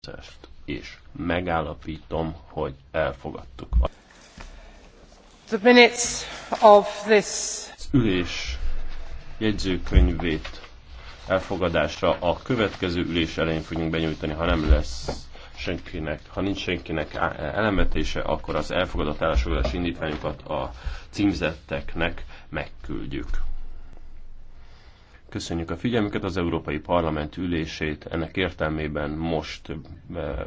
szavazást, és megállapítom, hogy elfogadtuk. The minutes of this... Az ülés jegyzőkönyvét elfogadásra a következő ülés elején fogjuk benyújtani, ha nem lesz senkinek, ha nincs senkinek elemetése, akkor az elfogadott állásfoglalási indítványokat a címzetteknek megküldjük. Köszönjük a figyelmüket, az Európai Parlament ülését ennek értelmében most eh,